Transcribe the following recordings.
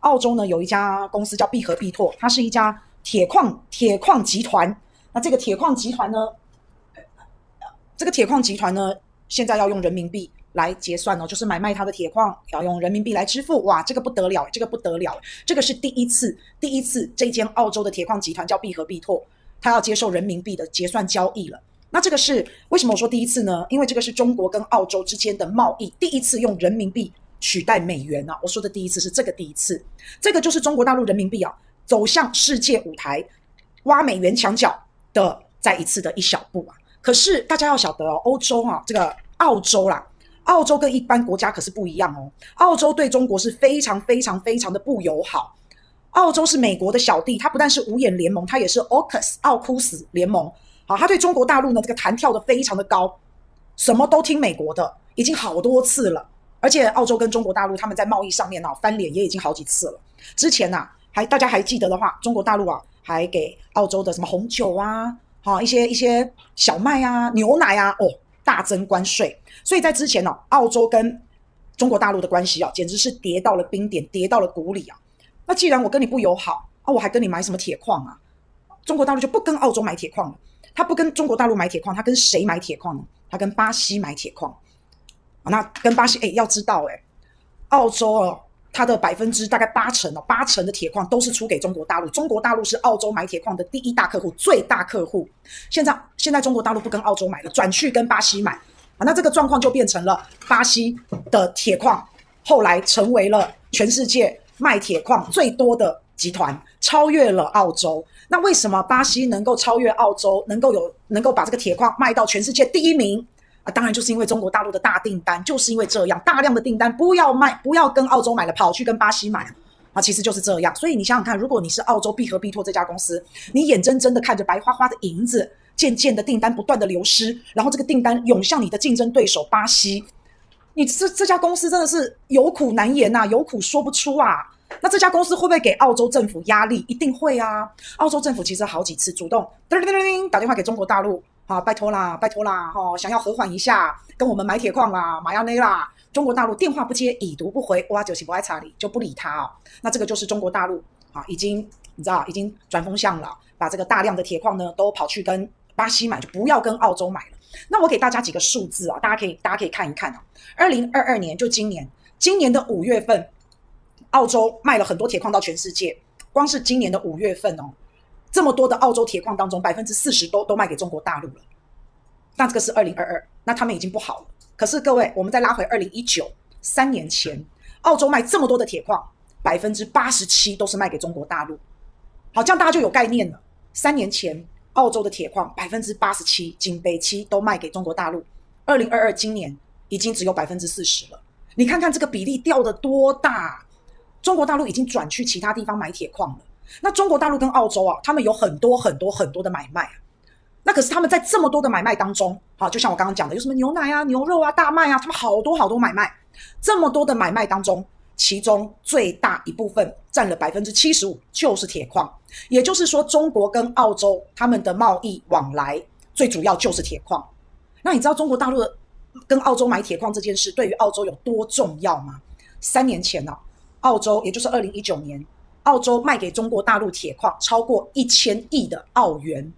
澳洲呢有一家公司叫必和必拓，它是一家鐵礦鐵礦集團。那這個鐵礦集團呢，這個鐵礦集團呢，現在要用人民幣來結算哦，就是買賣它的鐵礦要用人民幣來支付。哇，這個不得了，這個不得了，這個是第一次，第一次這間澳洲的鐵礦集團叫必和必拓，它要接受人民幣的結算交易了。那這個是為什麼我說第一次呢？因為這個是中國跟澳洲之間的貿易第一次用人民幣。取代美元啊，我說的第一次是這個第一次，這個就是中國大陸人民幣啊走向世界舞台，挖美元牆角的再一次的一小步啊！可是大家要曉得哦，歐洲啊，這個澳洲啦，澳洲跟一般國家可是不一樣哦。澳洲對中國是非常非常非常的不友好，澳洲是美國的小弟，他不但是五眼聯盟，他也是 AUKUS 奧庫斯聯盟。好、啊，他對中國大陸呢這個彈跳的非常的高，什麼都聽美國的，已經好多次了。而且，澳洲跟中國大陸他們在貿易上面哦，翻臉也已經好幾次了。之前呢、啊，還大家還記得的話，中國大陸啊，還給澳洲的什麼紅酒啊，一些一些小麥啊、牛奶啊，哦，大增關稅。所以在之前呢、啊，澳洲跟中國大陸的關係啊，簡直是跌到了冰點，跌到了谷底啊。那既然我跟你不友好，啊，我還跟你買什麼鐵礦啊？中國大陸就不跟澳洲買鐵礦了。他不跟中國大陸買鐵礦，他跟誰買鐵礦呢？他跟巴西買鐵礦。那跟巴西哎、欸，要知道哎、欸，澳洲哦，它的百分之大概八成哦，八成的鐵礦都是出給中國大陸，中國大陸是澳洲買鐵礦的第一大客戶、最大客戶。現在現在中國大陸不跟澳洲買了，轉去跟巴西買。啊，那這個狀況就變成了巴西的鐵礦後來成為了全世界賣鐵礦最多的集團，超越了澳洲。那為什麼巴西能夠超越澳洲，能夠有能夠把這個鐵礦賣到全世界第一名？啊，當然就是因為中國大陸的大訂單，就是因為這樣大量的訂單不要賣，不要跟澳洲買了跑，跑去跟巴西買啊，其實就是這樣。所以你想想看，如果你是澳洲必和必拓這家公司，你眼睜睜的看着白花花的銀子，漸漸的訂單不斷的流失，然後這個訂單湧向你的競爭對手巴西，你這這家公司真的是有苦難言吶、啊，有苦說不出啊。那這家公司會不會給澳洲政府壓力？一定會啊。澳洲政府其實好幾次主動叮叮叮打電話給中國大陸。啊、拜託啦，拜託啦、哦，想要和緩一下，跟我們買鐵礦啦，買要內啦，中國大陸電話不接，已讀不回，哇，九七不愛查理就不理他、哦、那這個就是中國大陸啊，已經你知道，已經轉風向了，把這個大量的鐵礦呢都跑去跟巴西買，就不要跟澳洲買了。那我給大家幾個數字啊、哦，大家可以大家可以看一看啊、哦，二零二二年就今年，今年的五月份，澳洲賣了很多鐵礦到全世界，光是今年的五月份哦。這麼多的澳洲鐵礦當中，百分之四十都都賣給中國大陸了。那這個是二零二二，那他們已經不好了。可是各位，我們再拉回二零一九，三年前，澳洲賣這麼多的鐵礦，百分之八十七都是賣給中國大陸。好，這樣大家就有概念了。三年前，澳洲的鐵礦百分之八十七，近八七都賣給中國大陸。二零二二今年已經只有百分之四十了。你看看這個比例掉得多大啊，中國大陸已經轉去其他地方買鐵礦了。那中國大陸跟澳洲啊，他們有很多很多很多的買賣啊。那可是他們在這麼多的買賣當中，好，就像我剛剛講的，有什麼牛奶啊、牛肉啊、大麥啊，他們好多好多買賣。這麼多的買賣當中，其中最大一部分占了百分之七十五，就是鐵礦。也就是說，中國跟澳洲他們的貿易往來最主要就是鐵礦。那你知道中國大陸跟澳洲買鐵礦這件事對於澳洲有多重要嗎？三年前呢啊，澳洲也就是二零一九年。澳洲賣給中國大陸鐵礦超過一千億的澳元。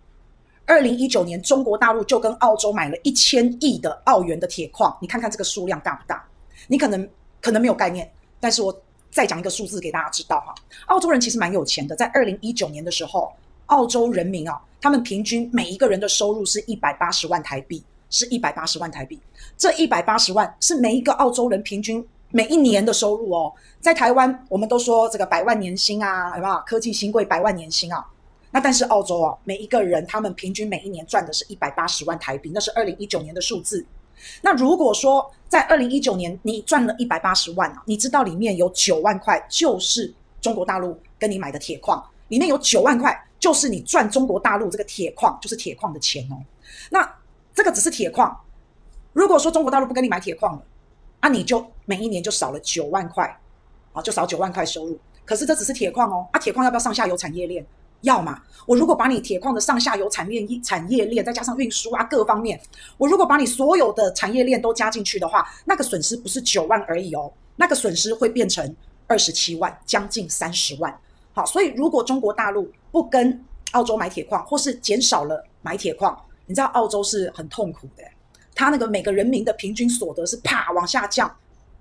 二零一九年，中國大陸就跟澳洲買了一千億的澳元的鐵礦。你看看這個數量大不大？你可能可能沒有概念，但是我再講一個數字給大家知道哈、啊。澳洲人其實蠻有錢的，在二零一九年的時候，澳洲人民啊，他們平均每一個人的收入是一百八十萬台幣，是一百八十萬台幣。這一百八十萬是每一個澳洲人平均。每一年的收入哦，在台灣我們都說這個百萬年薪啊，對吧，科技新貴百萬年薪啊，那但是澳洲啊，每一個人他們平均每一年賺的是一百八十萬台幣，那是二零一九年的數字。那如果說在二零一九年你賺了一百八十萬啊，你知道裡面有九萬塊就是中國大陸跟你買的鐵礦，裡面有九萬塊就是你賺中國大陸這個鐵礦就是鐵礦的錢哦。那這個只是鐵礦，如果說中國大陸不跟你買鐵礦了。那、啊、你就每一年就少了九萬塊，啊，就少九萬塊收入。可是這只是鐵礦哦，啊，鐵礦要不要上下游產業鏈？要嘛。我如果把你鐵礦的上下游產業產業鏈再加上運輸啊各方面，我如果把你所有的產業鏈都加進去的話，那個損失不是九萬而已哦，那個損失會變成二十七萬，將近三十萬。好，所以如果中國大陸不跟澳洲買鐵礦，或是減少了買鐵礦，你知道澳洲是很痛苦的。他那個每個人民的平均所得是啪往下降，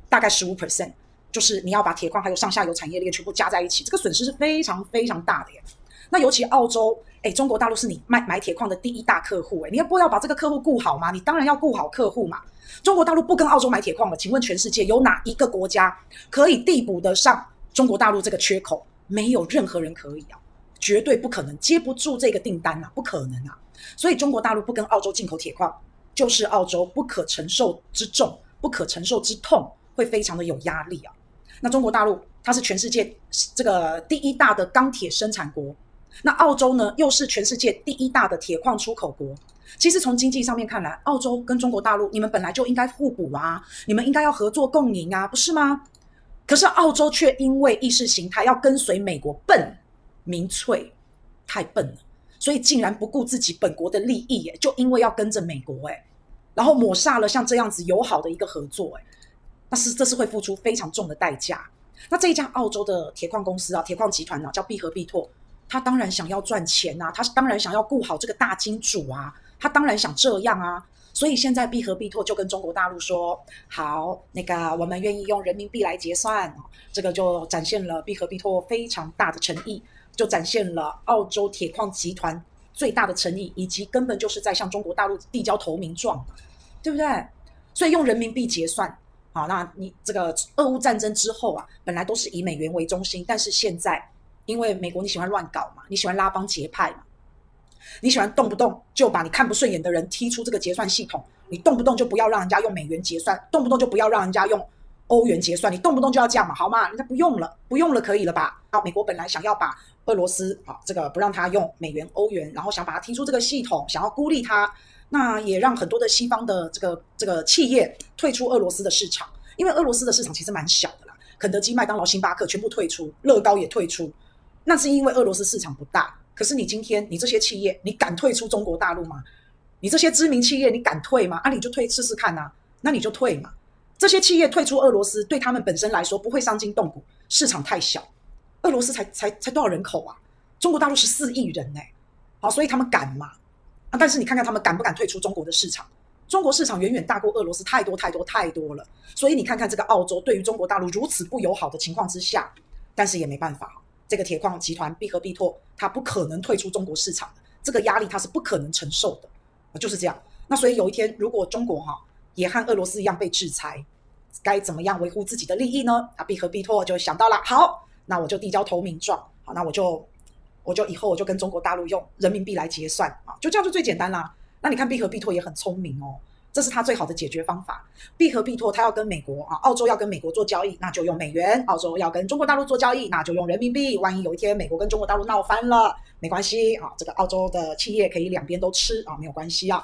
大概十五 percent，就是你要把鐵礦還有上下游產業鏈全部加在一起，這個損失是非常非常大的耶。那尤其澳洲，哎，中國大陸是你賣買鐵礦的第一大客戶，哎，你要不要把這個客戶顧好嗎？你當然要顧好客戶嘛。中國大陸不跟澳洲買鐵礦了，請問全世界有哪一個國家可以遞補得上中國大陸這個缺口？沒有任何人可以啊，絕對不可能，接不住這個訂單啊，不可能啊。所以中國大陸不跟澳洲進口鐵礦。就是澳洲不可承受之重，不可承受之痛，會非常的有壓力啊。那中國大陸它是全世界這個第一大的鋼鐵生產國，那澳洲呢又是全世界第一大的鐵礦出口國。其實從經濟上面看來，澳洲跟中國大陸你們本來就應該互補啊，你們應該要合作共贏啊，不是嗎？可是澳洲卻因為意識形態要跟隨美國，笨，民粹，太笨了。所以竟然不顧自己本國的利益耶，就因為要跟着美國哎，然後抹殺了像這樣子友好的一個合作哎，那是這是會付出非常重的代價。那這一家澳洲的鐵礦公司啊，鐵礦集團啊，叫必和必拓，他當然想要賺錢啊，他當然想要顧好這個大金主啊，他當然想這樣啊。所以現在必和必拓就跟中國大陸說好，那個我們願意用人民幣來結算，這個就展現了必和必拓非常大的誠意。就展現了澳洲鐵礦集團最大的誠意，以及根本就是在向中國大陸遞交投名狀，對不對？所以用人民幣結算啊，那你這個俄烏戰爭之後啊，本來都是以美元為中心，但是現在因為美國你喜歡亂搞嘛，你喜歡拉幫結派嘛，你喜歡動不動就把你看不順眼的人踢出這個結算系統，你動不動就不要讓人家用美元結算，動不動就不要讓人家用。歐元結算，你動不動就要這樣嘛？好嗎？人家不用了，不用了，可以了吧？啊，美國本來想要把俄羅斯啊，這個不讓他用美元、歐元，然後想把他踢出這個系統，想要孤立他。那也讓很多的西方的這個這個企業退出俄羅斯的市場，因為俄羅斯的市場其實蠻小的啦。肯德基、麥當勞、星巴克全部退出，樂高也退出，那是因為俄羅斯市場不大。可是你今天你這些企業，你敢退出中國大陸嗎？你這些知名企業，你敢退嗎？啊，你就退試試看吶，啊，那你就退嘛。這些企業退出俄羅斯，對他們本身來說不會傷筋動骨。市場太小，俄羅斯才才才多少人口啊？中國大陸十四億人呢、欸，好，所以他們敢嗎？啊，但是你看看他們敢不敢退出中國的市場？中國市場遠遠大過俄羅斯，太多太多太多了。所以你看看這個澳洲對於中國大陸如此不友好的情況之下，但是也沒辦法，這個鐵礦集團必和必拓它不可能退出中國市場，這個壓力它是不可能承受的，啊，就是這樣。那所以有一天如果中國哈、啊。也和俄羅斯一樣被制裁，該怎麼樣維護自己的利益呢？啊，必和必拓就想到了，好，那我就遞交投名狀，好，那我就，我就以後我就跟中國大陸用人民幣來結算啊，就這樣就最簡單啦。那你看必和必拓也很聰明哦，這是他最好的解決方法。必和必拓他要跟美國啊，澳洲要跟美國做交易，那就用美元；澳洲要跟中國大陸做交易，那就用人民幣。萬一有一天美國跟中國大陸鬧翻了，沒關係啊，這個澳洲的企業可以兩邊都吃啊，沒有關係啊。